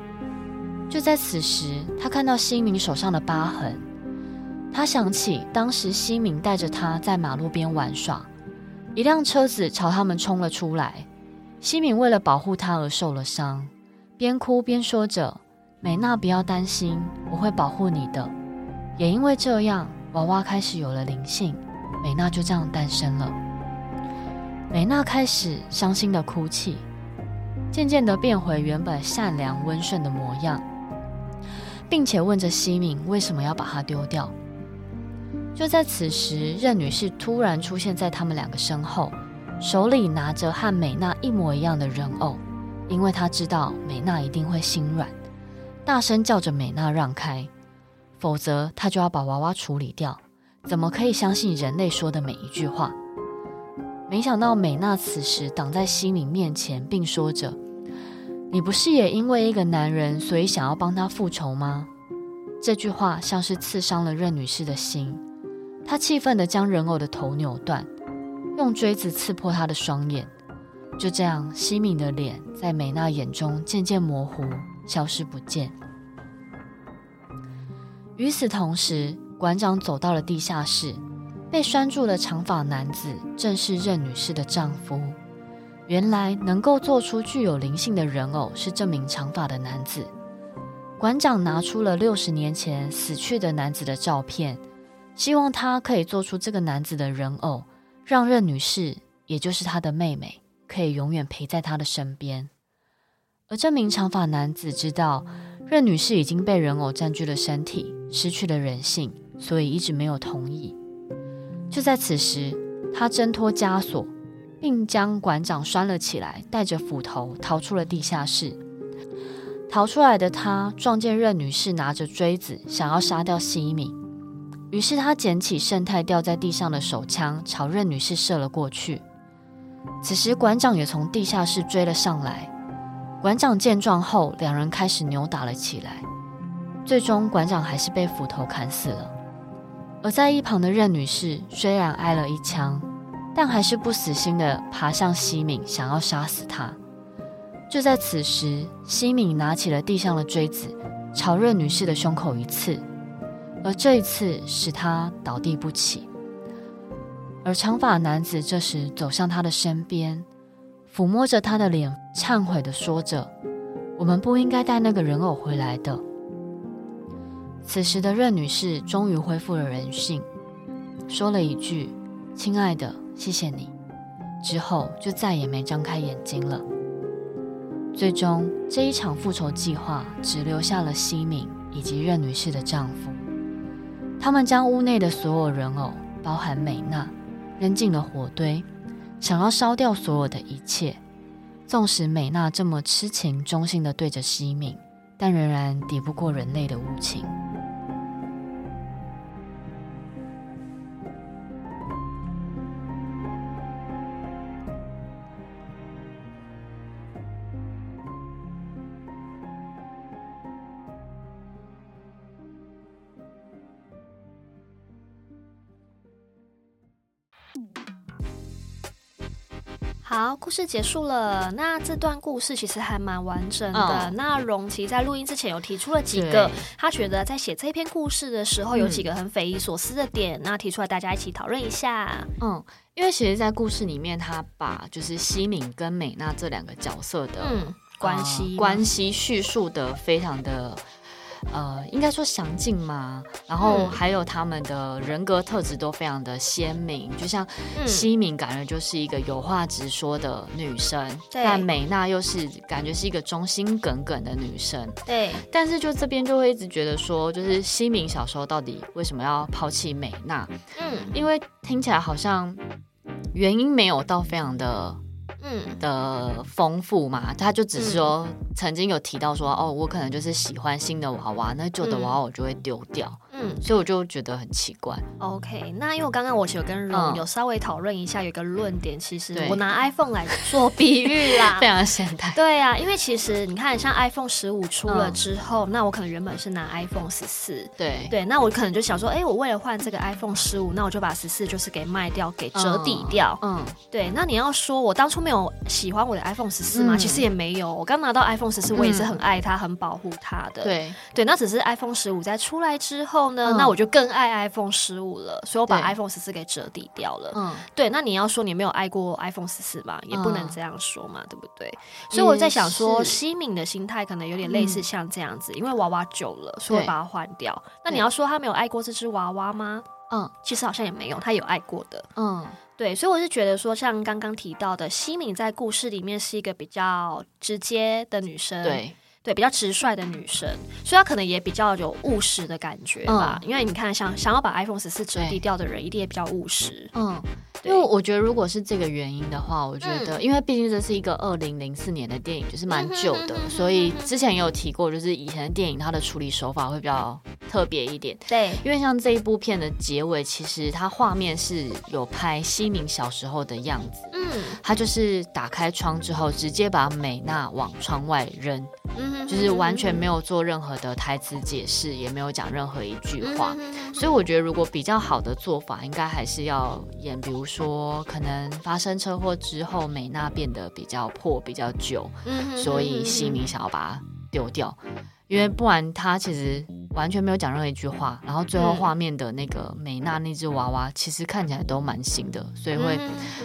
就在此時，她看到西敏手上的疤痕，她想起當時西敏帶着她在馬路邊玩耍。一輛車子朝他們衝了出來，西敏為了保護他而受了傷，邊哭邊說着：“美娜，不要擔心，我會保護你的。”也因為這樣，娃娃開始有了靈性，美娜就這樣誕生了。美娜開始傷心的哭泣，漸漸的變回原本善良溫順的模樣，並且問着西敏：“為什麼要把它丟掉？”就在此時，任女士突然出現在他們兩個身後，手裡拿着和美娜一模一樣的人偶，因為她知道美娜一定會心軟，大聲叫着美娜讓開，否則她就要把娃娃處理掉。怎麼可以相信人類說的每一句話？沒想到美娜此時擋在西明面前，並說着：“你不是也因為一個男人，所以想要幫他復仇嗎？”這句話像是刺傷了任女士的心。他氣憤地將人偶的頭扭斷，用錐子刺破他的雙眼。就這樣，西敏的臉在美娜眼中漸漸模糊，消失不見。與此同時，館長走到了地下室，被拴住的長髮男子正是任女士的丈夫。原來，能夠做出具有靈性的人偶是這名長髮的男子。館長拿出了六十年前死去的男子的照片。希望他可以做出這個男子的人偶，讓任女士，也就是他的妹妹，可以永遠陪在他的身邊。而這名長髮男子知道任女士已經被人偶占據了身體，失去了人性，所以一直沒有同意。就在此時，他掙脫枷鎖，並將館長拴了起來，帶着斧頭逃出了地下室。逃出來的他撞見任女士拿着錐子，想要殺掉西米。於是他撿起盛泰掉在地上的手槍，朝任女士射了過去。此時館長也從地下室追了上來。館長見狀後，兩人開始扭打了起來。最終館長還是被斧頭砍死了。而在一旁的任女士雖然捱了一槍，但還是不死心地爬向西敏，想要殺死他。就在此時，西敏拿起了地上的錐子，朝任女士的胸口一刺。而這一次使他倒地不起。而長髮男子這時走向他的身邊，撫摸着他的臉，懺悔地說着：“我們不應該帶那個人偶回來的。”此時的任女士終於恢復了人性，說了一句：“親愛的，謝謝你。”之後就再也沒張開眼睛了。最終，這一場復仇計劃只留下了西敏以及任女士的丈夫。他們將屋內的所有人偶，包含美娜，扔進了火堆，想要燒掉所有的一切。縱使美娜這麼痴情忠心的對着西敏，但仍然敵不過人類的無情。好，故事結束了。那這段故事其實還蠻完整的。嗯、那榮奇在錄音之前有提出了幾個，對他覺得在寫這篇故事的時候有幾個很匪夷所思的點，嗯、那提出來大家一起討論一下。嗯，因為其實，在故事裡面，他把就是西敏跟美娜這兩個角色的、嗯、關係、呃、關係敘述得非常的。呃，應該說詳盡嘛，然後還有他們的人格特質都非常的鮮明，嗯、就像西敏感覺就是一個有話直說的女生，嗯、但美娜又是、嗯、感覺是一個忠心耿耿的女生，對。但是就這邊就會一直覺得說，就是西敏小時候到底為什麼要拋棄美娜？嗯，因為聽起來好像原因沒有到非常的。的豐富嘛，他就只是說，嗯，曾經有提到說，哦，我可能就是喜歡新的娃娃，那舊的娃娃我就會丟掉。嗯，所以我就覺得很奇怪。OK，那因為我剛剛我有跟 Ron 有稍微討論一下，有一個論點，嗯、其實我拿 iPhone 來做比喻啦， 非常現代。對啊，因為其實你看，像 iPhone 十五出了之後，嗯、那我可能原本是拿 iPhone 十四對，對對，那我可能就想說，哎、欸，我為了換這個 iPhone 十五，那我就把十四就是給賣掉，給折抵掉嗯。嗯，對。那你要說我當初沒有喜歡我的 iPhone 十四嘛？嗯、其實也沒有，我剛拿到 iPhone 十四，我也是很愛它、嗯、很保護它的。對對，那只是 iPhone 十五在出來之後。嗯、那我就更愛 iPhone 十五了，所以我把 iPhone 十四給折抵掉了。嗯，對。那你要說你沒有愛過 iPhone 十四嘛？也不能這樣說嘛，嗯、對不對？所以我在想說，西敏的心態可能有點類似像這樣子，嗯、因為娃娃久了，所以我把它換掉。對那你要說他沒有愛過這隻娃娃嗎？嗯，其實好像也沒有，他有愛過的。嗯，對。所以我是覺得說，像剛剛提到的，西敏在故事裡面是一個比較直接的女生。對。對，比較直率的女生，所以她可能也比較有務實的感覺吧。嗯、因為你看，想想要把 iPhone 十四折低調的人，一定也比較務實。對，嗯，對因為我覺得如果是這個原因的話，我覺得，嗯、因為畢竟這是一個二零零四年的電影，就是蠻久的，所以之前也有提過，就是以前的電影它的處理手法會比較特別一點。對，因為像這一部片的結尾，其實它畫面是有拍西明小時候的樣子。嗯，他就是打開窗之後，直接把美娜往窗外扔。嗯。就是完全沒有做任何的台詞解釋，也沒有講任何一句話，所以我覺得如果比較好的做法，應該還是要演，比如說可能發生車禍之後，美娜變得比較破、比較舊，所以西米想要把它丟掉，因為不然她其實完全沒有講任何一句話，然後最後畫面的那個美娜那只娃娃其實看起來都蠻新的，所以會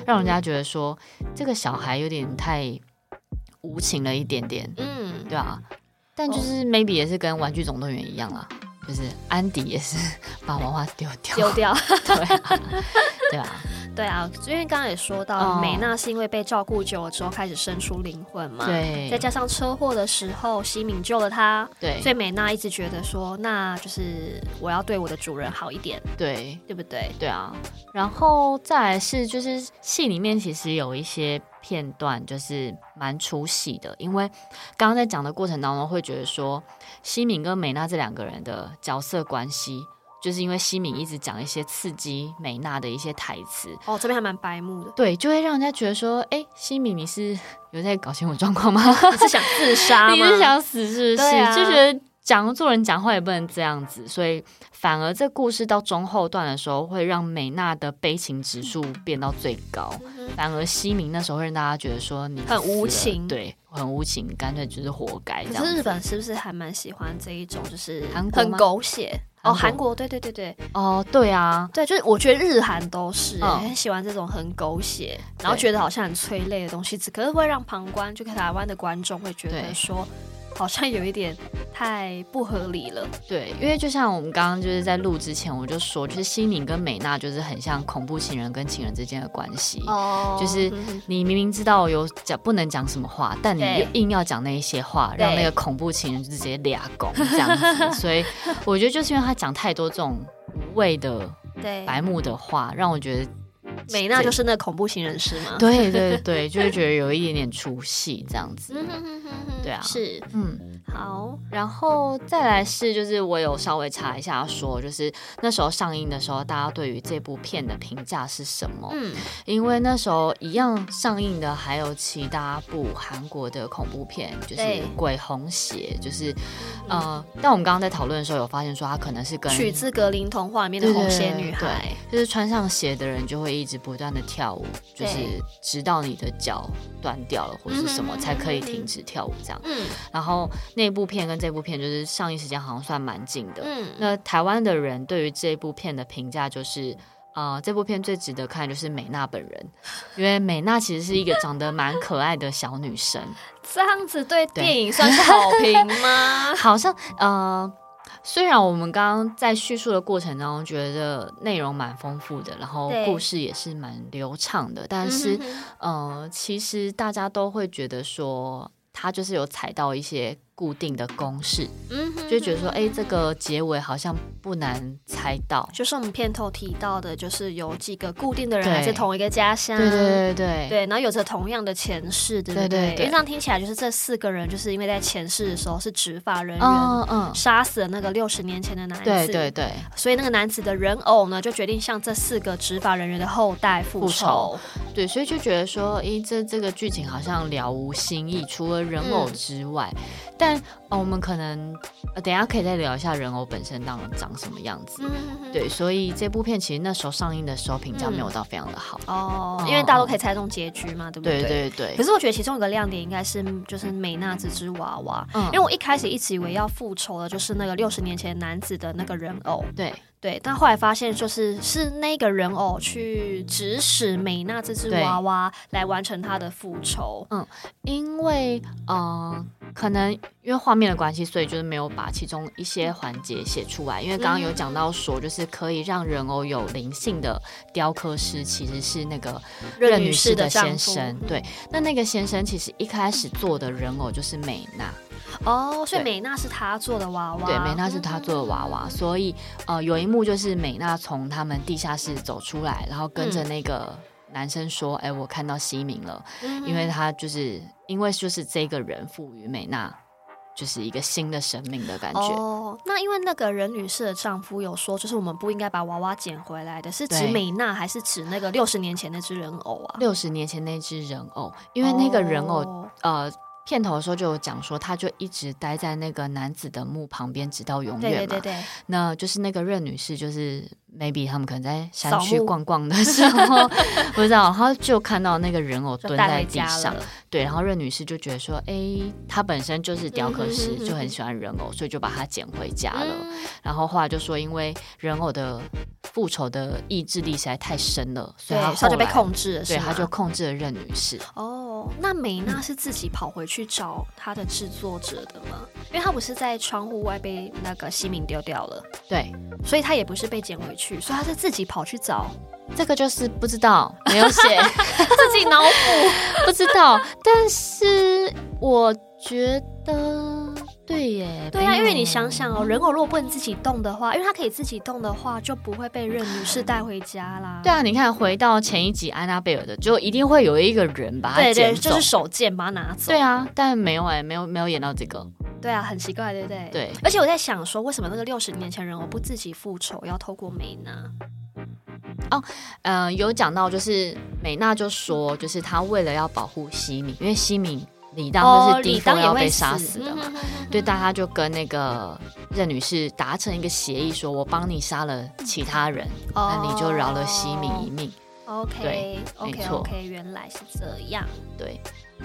讓人家覺得說這個小孩有點太無情了一點點。對啊，但就是 maybe 也是跟《玩具總動員》一樣啦，oh. 就是安迪也是把娃娃丟掉，丟掉，對，對啊。 對啊。對啊，因為剛剛也說到，美娜是因為被照顧久了之後開始生出靈魂嘛。嗯、對。再加上車禍的時候，西敏救了她。對。所以美娜一直覺得說，那就是我要對我的主人好一點。對。對不對？對啊。然後再來是，就是戲裡面其實有一些片段，就是蠻出戲的。因為剛剛在講的過程當中，我會覺得說，西敏跟美娜這兩個人的角色關係。就是因為西敏一直講一些刺激美娜的一些台詞，哦，這邊還蠻白目的，對，就會讓人家覺得說，哎、欸，西敏你是有在搞清楚狀況嗎？ 是想自殺嗎？你是想死是不是？是、啊、就覺得。講做人講話也不能這樣子，所以反而這故事到中後段的時候，會讓美娜的悲情指數變到最高。嗯、哼反而西明那時候會讓大家覺得說你很無情，對，很無情，乾脆就是活該。你知道日本是不是還蠻喜歡這一種，就是韓國很狗血？韓國，哦，韓國，對對對對，哦、呃，對啊，對，就是我覺得日韓都是、欸嗯、很喜歡這種很狗血，然後覺得好像很催淚的東西，只對可是會讓旁觀，就看台灣的觀眾會覺得說，好像有一點。太不合理了，對，因為就像我們剛剛就是在錄之前，我就說，就是心靈跟美娜就是很像恐怖情人跟情人之間的關係，哦，oh, 就是你明明知道有講不能講什麼話，但你又硬要講那一些話，對讓那個恐怖情人直接倆拱這樣子，對 所以我覺得就是因為他講太多這種無謂的對白目的話，讓我覺得美娜就是那個恐怖情人是嗎？對，對對對， 對就是覺得有一點點出戲這樣子， 對啊，是，嗯。好，然後再來是，就是我有稍微查一下說，說就是那時候上映的時候，大家對於這部片的評價是什麼？嗯，因為那時候一樣上映的還有其他部韓國的恐怖片，就是《鬼紅鞋》對，就是，呃，嗯、但我們剛剛在討論的時候有發現說，它可能是跟取自格林童話裡面的紅鞋女孩，對對就是穿上鞋的人就會一直不斷的跳舞，就是直到你的腳斷掉了對或者是什麼才可以停止跳舞這樣。嗯，然後。那部片跟這部片就是上映時間好像算蠻近的。嗯，那台灣的人對於這部片的評價就是啊、呃，這部片最值得看就是美娜本人，因為美娜其實是一個長得蠻可愛的小女生。 這樣子對電影算是好評嗎？對 好像呃，雖然我們剛剛在敘述的過程中覺得內容蠻豐富的，然後故事也是蠻流暢的，對但是呃，其實大家都會覺得說，他就是有踩到一些。固定的公式，嗯哼哼，就覺得說，哎、欸，這個結尾好像不難猜到。就是我們片頭提到的，就是有幾個固定的人，對還是同一個家鄉，對對對對，對然後有着同樣的前世，對不對，對，對對，因為這樣聽起來，就是這四個人，就是因為在前世的時候是執法人員，嗯，嗯嗯，殺死了那個六十年前的男子，對對對，所以那個男子的人偶呢，就決定向這四個執法人員的後代復仇，仇，對，所以就覺得說，哎、欸，這這個劇情好像了無新意，對除了人偶之外，嗯、但。哦，但我們可能等一下可以再聊一下人偶本身到底長什麼樣子。對，所以這部片其實那時候上映的時候評價沒有到非常的好哦，嗯嗯、因為大家都可以猜中結局嘛，對不對？對對對,對。可是我覺得其中一個亮點應該是就是美娜這只娃娃，因為我一開始一直以為要復仇的就是那個六十年前男子的那個人偶。嗯、對。對，但後來發現，就是是那個人偶去指使美娜這隻娃娃來完成她的復仇。嗯，因為嗯、呃，可能因為畫面的關係，所以就是沒有把其中一些環節寫出來。因為剛剛有講到說，嗯、就是可以讓人偶有靈性的雕刻師，其實是那個任女士的先生。對，那那個先生其實一開始做的人偶就是美娜。哦，所以美娜是他做的娃娃。對，對，美娜是他做的娃娃，嗯、所以呃有一目就是美娜從他們地下室走出來，然後跟着那個男生說：“哎、嗯，欸，我看到西明了，嗯、哼因為他就是因為就是這個人賦予美娜就是一個新的生命的感覺。”哦，那因為那個任女士的丈夫有說，就是我們不應該把娃娃撿回來的，是指美娜對還是指那個六十年前那隻人偶啊？六十年前那隻人偶，因為那個人偶、oh. 呃。片頭的時候就有講說，他就一直待在那個男子的墓旁邊，直到永遠。對，對對對，那就是那個任女士，就是 maybe 他們可能在山區逛逛的時候，守戶 不知道他就看到那個人偶蹲在地上。對，然後任女士就覺得說，哎、欸，他本身就是雕刻師，嗯哼嗯哼就很喜歡人偶，所以就把它撿回家了。嗯、然後後來就說，因為人偶的復仇的意志力實在太深了，對所以他，他就被控制了。對，他就控制了任女士。哦。那美娜是自己跑回去找他的製作者的嗎？因為她不是在窗戶外被那個西敏丟掉了，對，所以她也不是被撿回去，所以她是自己跑去找。這個就是不知道，沒有寫， 自己腦補，不知道。但是我覺得。對耶，對呀，對啊，因為你想想哦，人偶若不能自己動的話，因為他可以自己動的話，就不會被任女士帶回家啦。對啊，你看回到前一集安娜貝爾的，就一定會有一個人把它，對對，就是手賤把它拿走。對啊，但沒有、欸，沒有沒有演到這個。對啊，很奇怪，對不對？對，而且我在想說，為什麼那個六十年前人偶不自己復仇，要透過美娜？哦，呃，有講到就是美娜就說，就是她為了要保護西米，因為西米。你當就是一方要被殺死的嘛，對，大家就跟那個任女士達成一個協議，說我幫你殺了其他人，那你就饒了西敏一命。OK，沒錯，OK，原來是這樣。對，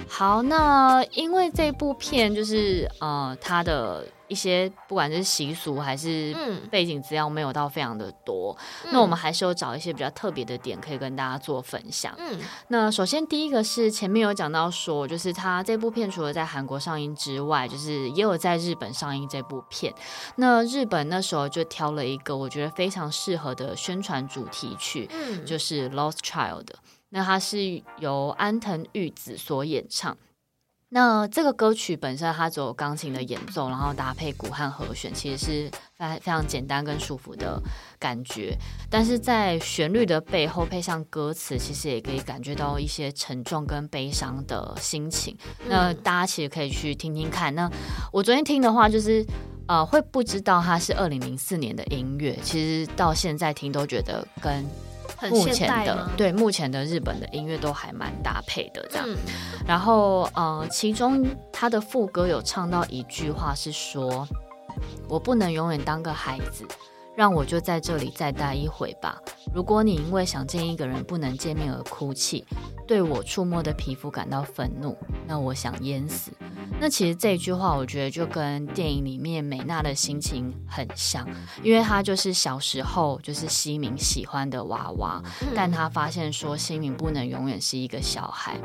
好，那因為這部片就是呃，他的。一些不管是習俗還是背景資料沒有到非常的多，嗯、那我們還是有找一些比較特別的點可以跟大家做分享。嗯，那首先第一個是前面有講到說，就是它這部片除了在韓國上映之外，就是也有在日本上映這部片。那日本那時候就挑了一個我覺得非常適合的宣傳主題曲，嗯、就是《Lost Child》。那它是由安藤玉子所演唱。那這個歌曲本身，它只有鋼琴的演奏，然後搭配鼓和和弦，其實是非非常簡單跟舒服的感覺。但是在旋律的背後配上歌詞，其實也可以感覺到一些沉重跟悲傷的心情。嗯、那大家其實可以去聽聽看。那我昨天聽的話，就是呃，會不知道它是二零零四年的音樂，其實到現在聽都覺得跟。目前的對，目前的日本的音樂都還蠻搭配的這樣，嗯、然後呃，其中他的副歌有唱到一句話是說，我不能永遠當個孩子。讓我就在這裡再待一會吧。如果你因為想見一個人不能見面而哭泣，對我觸摸的皮膚感到憤怒，那我想淹死。那其實這句話，我覺得就跟電影裡面美娜的心情很像，因為她就是小時候就是西明喜歡的娃娃，嗯、但她發現說西明不能永遠是一個小孩。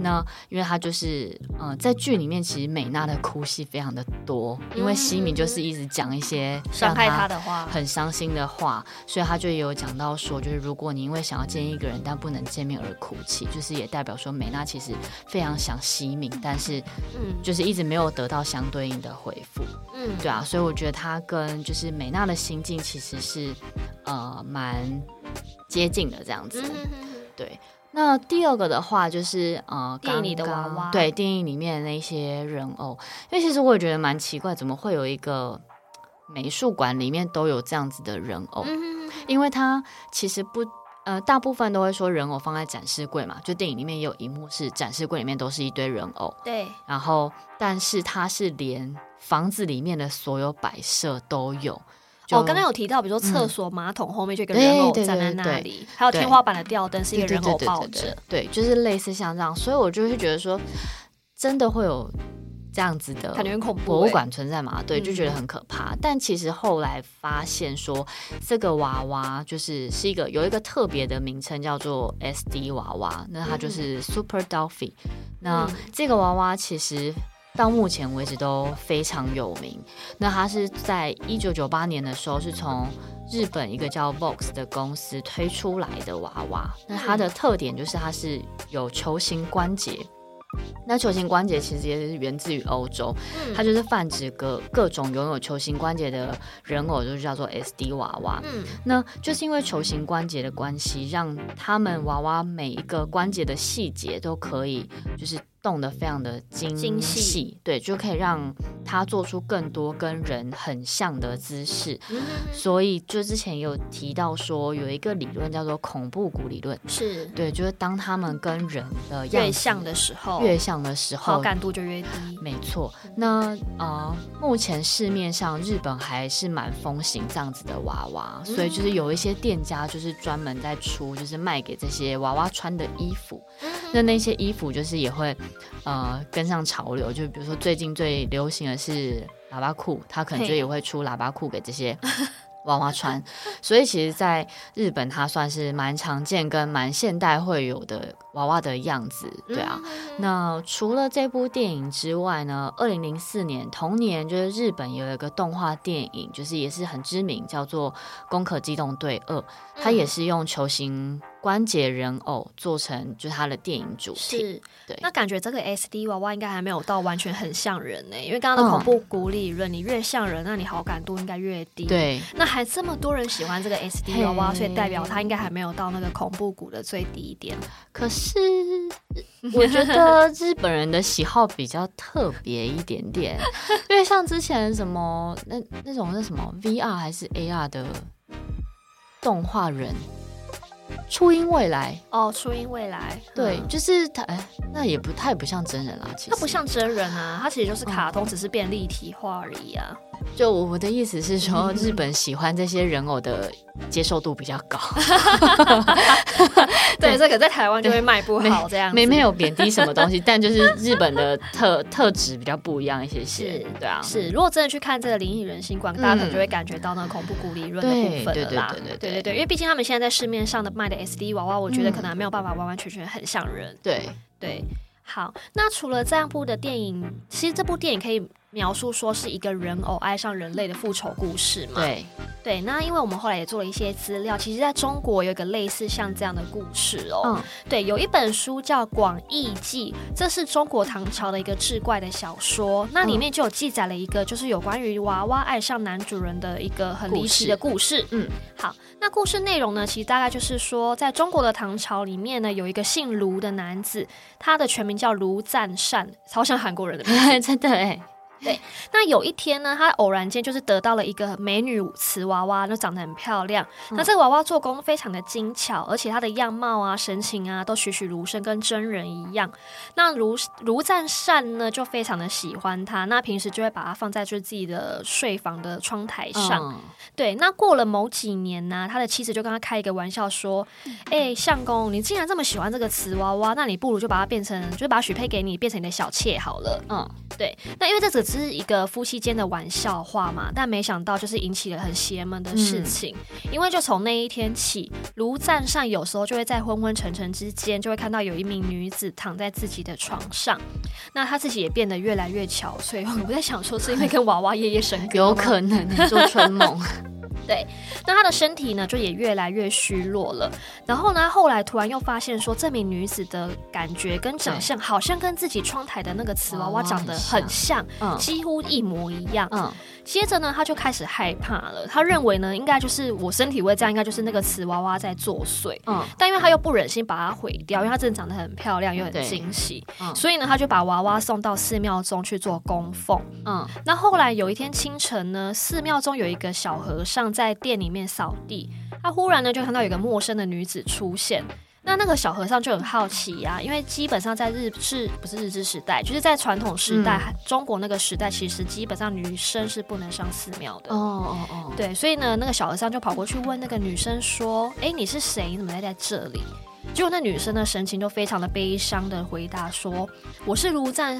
那因為她就是，嗯、呃，在劇裡面其實美娜的哭戲非常的多，因為西明就是一直講一些傷害、嗯、她的話，很。傷心的話，所以他就有講到說，就是如果你因為想要見一個人但不能見面而哭泣，就是也代表說美娜其實非常想西敏，但是嗯，就是一直沒有得到相對應的回復，嗯，對啊，所以我覺得他跟就是美娜的心境其實是呃蠻接近的這樣子，對。那第二個的話就是呃，電影裡的娃娃，對，電影裡面的那些人偶，因為其實我也覺得蠻奇怪，怎麼會有一個。美術館裡面都有這樣子的人偶，嗯、哼哼因為它其實不呃，大部分都會說人偶放在展示櫃嘛，就電影裡面也有一幕是展示櫃裡面都是一堆人偶，對。然後，但是它是連房子裡面的所有擺設都有。我剛剛有提到，比如說廁所馬桶、嗯、後面就一個人偶站在那裡，對對對對還有天花板的吊燈是一個人偶抱着，對，就是類似像這樣，所以我就會覺得說，真的會有。這樣子的，感覺恐怖博物館存在嘛？對，就覺得很可怕。但其實後來發現說，這個娃娃就是是一個有一個特別的名稱，叫做 SD 娃娃。那它就是 Super Dolphy。那這個娃娃其實到目前為止都非常有名。那它是在一九九八年的時候是從日本一個叫 Vox 的公司推出來的娃娃。那它的特點就是它是有球形關節。那球形關節其實也是源自於歐洲，嗯，它就是泛指各各種擁有球形關節的人偶，就是叫做 SD 娃娃。嗯，那就是因為球形關節的關係，讓他們娃娃每一個關節的細節都可以，就是。動的非常的精細，精細。對，就可以讓他做出更多跟人很像的姿勢。Mm hmm. 所以就之前也有提到說，有一個理論叫做恐怖谷理論，是，對，就是當他們跟人的樣越像的時候，越像的時候，好感度就越低。沒錯。那啊、呃，目前市面上日本還是蠻風行這樣子的娃娃，mm hmm. 所以就是有一些店家就是專門在出，就是賣給這些娃娃穿的衣服。Mm hmm. 那那些衣服就是也會。呃，跟上潮流，就比如說最近最流行的是喇叭褲，他可能就也會出喇叭褲給這些娃娃穿。嘿 所以其實，在日本，它算是蠻常見跟蠻現代會有的娃娃的樣子，對啊。嗯、那除了這部電影之外呢，二零零四年同年就是日本有一個動畫電影，就是也是很知名，叫做《攻殼機動隊二》，它也是用球形。關節人偶做成就是他的電影主題，是對。那感覺這個 S D 娃娃應該還沒有到完全很像人呢、欸，因為剛剛的恐怖谷理論，嗯、你越像人，那你好感度應該越低。對。那還這麼多人喜歡這個 S D 娃娃，所以代表他應該還沒有到那個恐怖谷的最低一點。嘿可是我覺得日本人的喜好比較特別一點點， 因為像之前什麼那那種那什麼 V R 還是 A R 的動畫人。初音未來哦，初音未來，對，嗯、就是他，哎、欸，那也不，太不像真人啦，其實他不像真人啊，他其實就是卡通，嗯、只是變立體化而已啊。就我我的意思是說，日本喜歡這些人偶的接受度比較高。對，這個在台灣就會賣不好這樣。沒沒有貶低什麼東西，但就是日本的特特質比較不一樣一些些。是，對啊。是，如果真的去看這個《靈異人形館》，大家可能就會感覺到那恐怖谷理論的部分了啦。對對對，因為畢竟他們現在在市面上的賣的 SD 娃娃，我覺得可能還沒有辦法完完全全很像人。對對。好，那除了這樣部的電影，其實這部電影可以。描述說是一個人偶愛上人類的復仇故事嘛？對對，那因為我們後來也做了一些資料，其實在中國有一個類似像這樣的故事哦。嗯、對，有一本書叫《廣異記》，這是中國唐朝的一個志怪的小說，嗯、那裡面就有記載了一個就是有關於娃娃愛上男主人的一個很離奇的故事。故事嗯，好，那故事內容呢，其實大概就是說，在中國的唐朝裡面呢，有一個姓盧的男子，他的全名叫盧贊善，超像韓國人的名字， 真的哎、欸。對，那有一天呢，他偶然間就是得到了一個美女瓷娃娃，那長得很漂亮。那這個娃娃做工非常的精巧，嗯、而且她的樣貌啊、神情啊，都栩栩如生，跟真人一樣。那盧盧贊善呢，就非常的喜歡她。那平時就會把它放在就是自己的睡房的窗台上。嗯、對，那過了某幾年呢、啊，他的妻子就跟他開一個玩笑說：“哎、嗯欸，相公，你既然這麼喜歡這個瓷娃娃，那你不如就把它變成，就是把它許配給你，變成你的小妾好了。”嗯，對。那因為這個。只是一個夫妻間的玩笑話嘛，但沒想到就是引起了很邪門的事情。嗯、因為就從那一天起，盧贊善有時候就會在昏昏沉沉之間，就會看到有一名女子躺在自己的床上。那她自己也變得越來越憔悴。所以我在想說，是因為跟娃娃夜夜笙歌？有可能做春夢。 對。那她的身體呢，就也越來越虛弱了。然後呢，後來突然又發現說，這名女子的感覺跟長相，對好像跟自己窗台的那個瓷娃娃長得很像。哦、很像嗯。幾乎一模一樣。嗯，接着呢，他就開始害怕了。他認為呢，應該就是我身體會這樣，應該就是那個瓷娃娃在作祟。嗯，但因為他又不忍心把它毀掉，因為他真的長得很漂亮，又很驚喜。嗯，所以呢，他就把娃娃送到寺廟中去做供奉。嗯，那、嗯、後來有一天清晨呢，寺廟中有一個小和尚在店裡面掃地，他忽然呢就看到有個陌生的女子出現。那那個小和尚就很好奇呀、啊，因為基本上在日治，不是日治時代，就是在傳統時代、嗯、中國那個時代，其實基本上女生是不能上寺廟的哦哦哦。嗯嗯嗯、對，所以呢，那個小和尚就跑過去問那個女生說：“哎、欸，你是誰？你怎麼會在這裡？”結果那女生的神情就非常的悲傷的回答說：“我是盧贊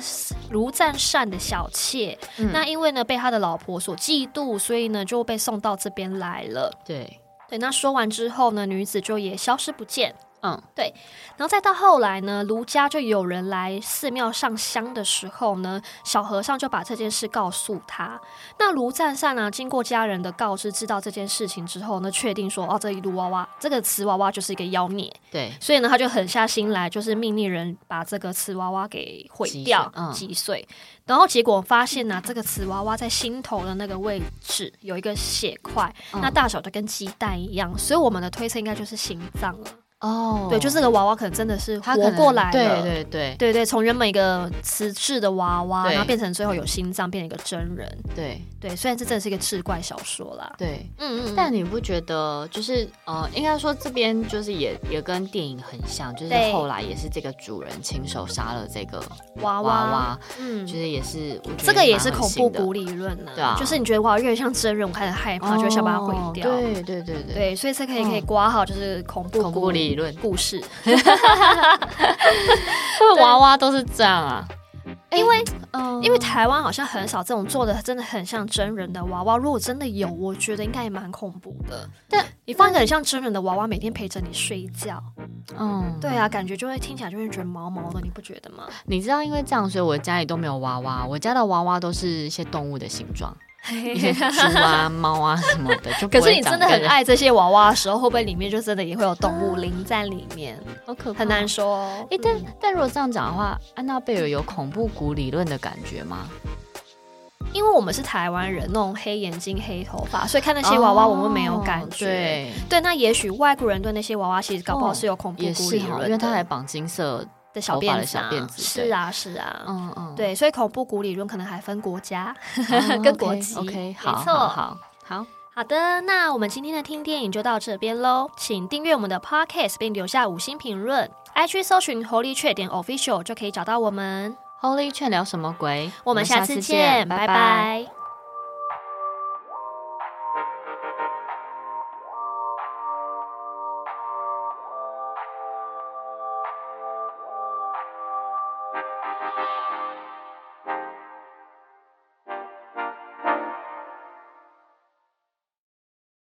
盧贊善的小妾，嗯、那因為呢被他的老婆所嫉妒，所以呢就被送到這邊來了。對”對對，那說完之後呢，女子就也消失不見。嗯，對，然後再到後來呢，盧家就有人來寺廟上香的時候呢，小和尚就把這件事告訴他。那盧占善呢、啊，經過家人的告知，知道這件事情之後呢，確定說，哦，這一盧娃娃，這個瓷娃娃就是一個妖孽。對，所以呢，他就狠下心來，就是命令人把這個瓷娃娃給毀掉、擊碎、嗯。然後結果發現呢、啊，這個瓷娃娃在心頭的那個位置有一個血塊，嗯、那大小就跟雞蛋一樣，所以我們的推測應該就是心臟了。哦，對，就是這個娃娃，可能真的是活過來了，對對對對對，從原本一個瓷製的娃娃，然後變成最後有心臟，變成一個真人，對對。雖然這真的是一個志怪小說啦，對，嗯嗯。但你不覺得就是呃，應該說這邊就是也也跟電影很像，就是後來也是這個主人親手殺了這個娃娃，嗯，其實也是，這個也是恐怖谷理論啊，對啊，就是你覺得哇，越像真人，我開始害怕，就會想把它毀掉，對對對對，所以這可以可以掛號，就是恐怖谷理。論故事，會不會娃娃都是這樣啊，欸、因為嗯，呃、因為台灣好像很少這種做的真的很像真人的娃娃。如果真的有，我覺得應該也蠻恐怖的。但你放一個很像真人的娃娃，每天陪着你睡覺，嗯，對啊，感覺就會聽起來就會覺得毛毛的，你不覺得嗎？你知道，因為這樣，所以我家裡都沒有娃娃。我家的娃娃都是一些動物的形狀。 豬啊，貓啊什麼的，就 可是你真的很愛這些娃娃的時候，會不會裡面就真的也會有動物靈在裡面？好、哦、可怕，很難說、哦。哎、欸，但、嗯、但如果這樣講的話，安娜貝爾有恐怖谷理論的感覺嗎？因為我們是台灣人，那種黑眼睛、黑頭髮，所以看那些娃娃，我們沒有感覺。哦、對,對，那也許外國人對那些娃娃，其實搞不好是有恐怖谷理論，因為他還綁金色。小辮子，是啊是啊，嗯嗯，對，所以恐怖谷理論可能還分國家跟國籍，OK，沒錯，好，好好的，那我們今天的聽電影就到這邊嘍，請訂閱我們的 Podcast，並留下五星評論，IG 搜尋 HolyChat 點 Official 就可以找到我們 HolyChat 聊什麼鬼，我們下次見，拜拜。